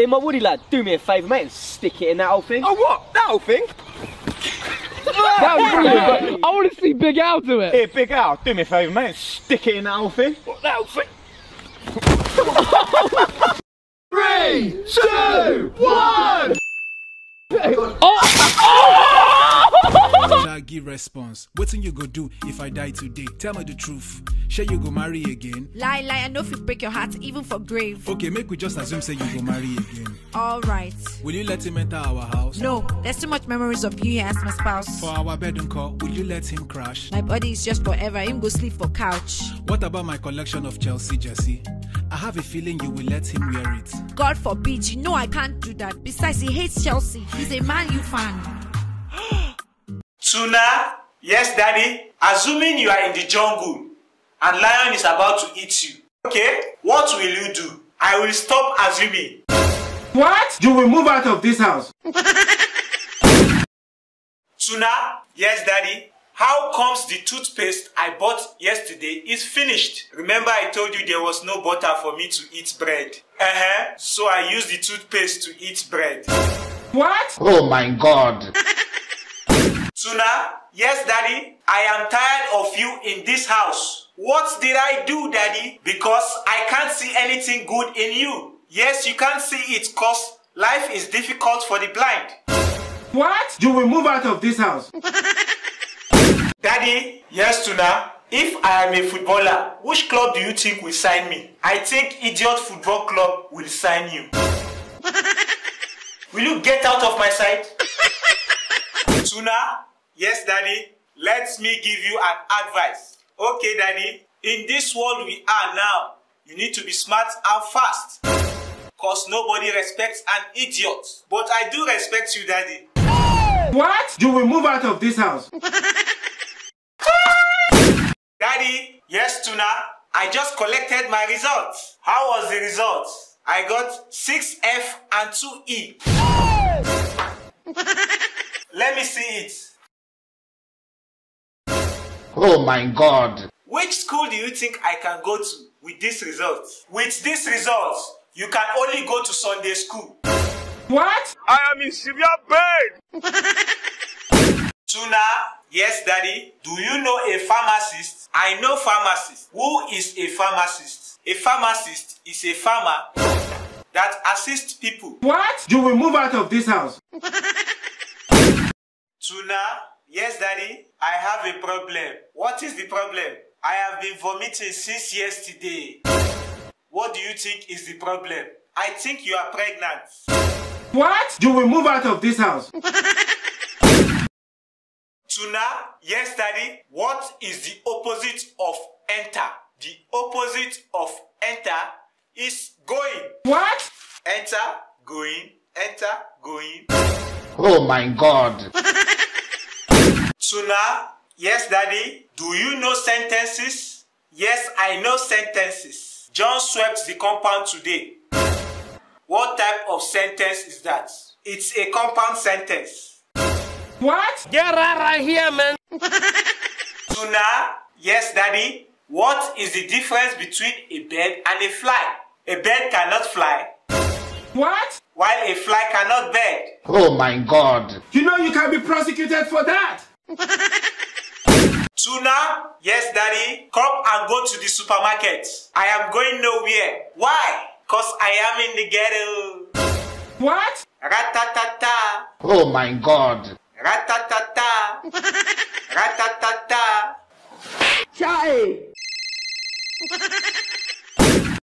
In my woody lad, do me a favour, mate, and stick it in that old thing. Oh, what? That old thing? that was brilliant, but I want to see Big Al do it. Here, Big Al, do me a favour, mate, and stick it in that old thing. What, that old thing? give response can you go do if i die today tell me the truth Shall you go marry again lie lie i know if you break your heart even for grave okay make we just assume say you go marry again alright will you let him enter our house no there's too much memories of you as my spouse for our bed call will you let him crash my body is just forever him go sleep for couch what about my collection of chelsea jersey I have a feeling you will let him wear it. God forbid, you know I can't do that. Besides, he hates Chelsea. He's a Man U fan. Tuna, yes, daddy. Assuming you are in the jungle and lion is about to eat you. Okay, what will you do? I will stop assuming. What? You will move out of this house. Tuna, yes, daddy. How comes the toothpaste I bought yesterday is finished? Remember I told you there was no butter for me to eat bread. Uh-huh. So I used the toothpaste to eat bread. What? Oh my god. Tuna, yes, daddy, I am tired of you in this house. What did I do, daddy? Because I can't see anything good in you. Yes, you can't see it cause life is difficult for the blind. What? You will move out of this house. daddy, yes, Tuna, if I am a footballer, which club do you think will sign me? I think Idiot Football Club will sign you. will you get out of my sight? Tuna, Yes, daddy, let me give you an advice. Okay, daddy, in this world we are now, you need to be smart and fast. Cause nobody respects an idiot. But I do respect you, daddy. What? You will move out of this house. daddy, yes, Tuna, I just collected my results. How was the result? I got 6F and 2E. Let me see it. Oh my God. Which school do you think I can go to with this result? With this result, you can only go to Sunday school. What? I am in severe pain. Tuna, yes daddy, do you know a pharmacist? I know pharmacist. Who is a pharmacist? A pharmacist is a farmer that assists people. What? You will move out of this house. Tuna, Yes, daddy, I have a problem. What is the problem? I have been vomiting since yesterday. What do you think is the problem? I think you are pregnant. What? You will move out of this house. Tuna, yes, daddy. What is the opposite of enter? The opposite of enter is going. What? Enter, going, enter, going. Oh my god. Suna, yes, daddy. Do you know sentences? Yes, I know sentences. John swept the compound today. What type of sentence is that? It's a compound sentence. What? Get right, right here, man. Suna, yes, daddy. What is the difference between a bird and a fly? A bird cannot fly. What? While a fly cannot bird. Oh my god. You know you can be prosecuted for that. Tuna, yes daddy, come and go to the supermarket. I am going nowhere. Why? Cause I am in the ghetto. What? Ratatata. Oh my god. Ratatata. Ratatata. Chai.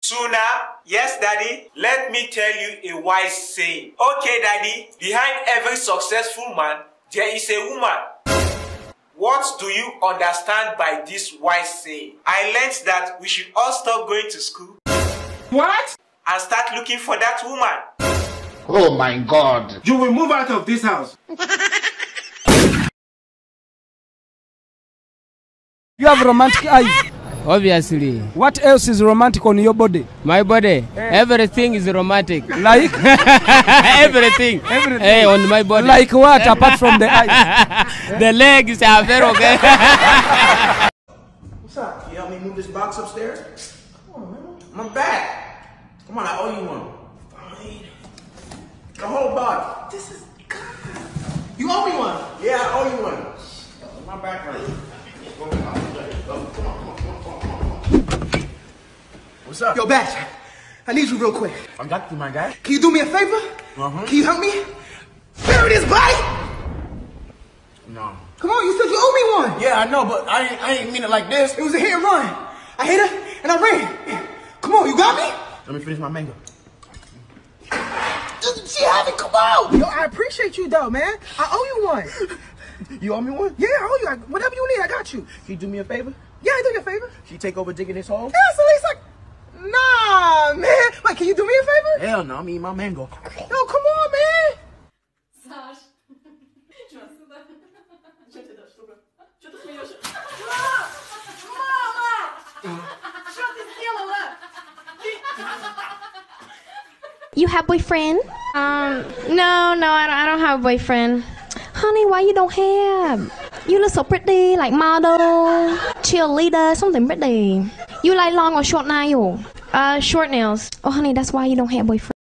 Tuna, yes daddy, let me tell you a wise saying. Okay daddy, behind every successful man, there is a woman. What do you understand by this wise saying? I learned that we should all stop going to school. What? And start looking for that woman. Oh my god. You will move out of this house. you have romantic eyes. Obviously. What else is romantic on your body? My body. Eh. Everything is romantic. Like everything. everything. Hey, eh, on my body. Like what apart from the eyes? the legs are very okay. What's up? You help me move this box upstairs? Come on, man. My back. Come on, I owe you one. Fine. The whole box. This is God. You owe me one. Yeah. What's up? Yo, Batch, I need you real quick. I got you, my guy. Can you do me a favor? Uh-huh. Can you help me? Bury this body! No. Come on, you said you owe me one. Yeah, I know, but I I ain't mean it like this. It was a hit and run. I hit her and I ran. Come on, you got me? Let me finish my mango. She have it, come on! Yo, I appreciate you though, man. I owe you one. you owe me one? Yeah, I owe you. I, whatever you need, I got you. Can you do me a favor? Yeah, I do you a favor. Can you take over digging this hole? Yes, at least I Nah, man. Wait, can you do me a favor? Hell no, I'm eating my mango. No, come on, man. You have boyfriend? Um, no, no, I don't, I don't have a boyfriend. Honey, why you don't have? You look so pretty, like model, cheerleader, something pretty. You like long or short nails? Uh, short nails. Oh, honey, that's why you don't have boyfriend.